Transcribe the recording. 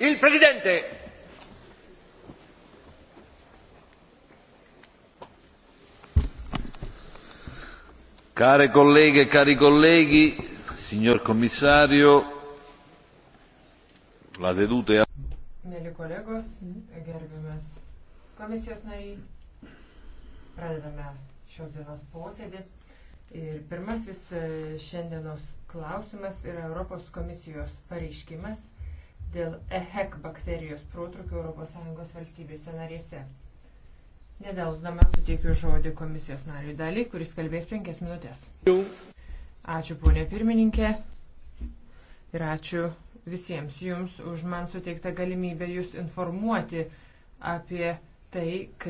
Il Presidente. Care colleghe e cari colleghi, signor Commissario, la seduta è... Mėly kolegos, gerbiamas komisijos nariai, pradedame šios dienos posėdį. Ir pirmasis e, šiandienos klausimas yra Europos komisijos pareiškimas dėl EHEC bakterijos protrukio ES valstybėse narėse. Nedelsdama suteikiu žodį komisijos nariui daliai, kuris kalbės penkias minutės. Ačiū ponė pirmininkė ir ačiū visiems jums už man suteiktą galimybę jūs informuoti apie tai, kaip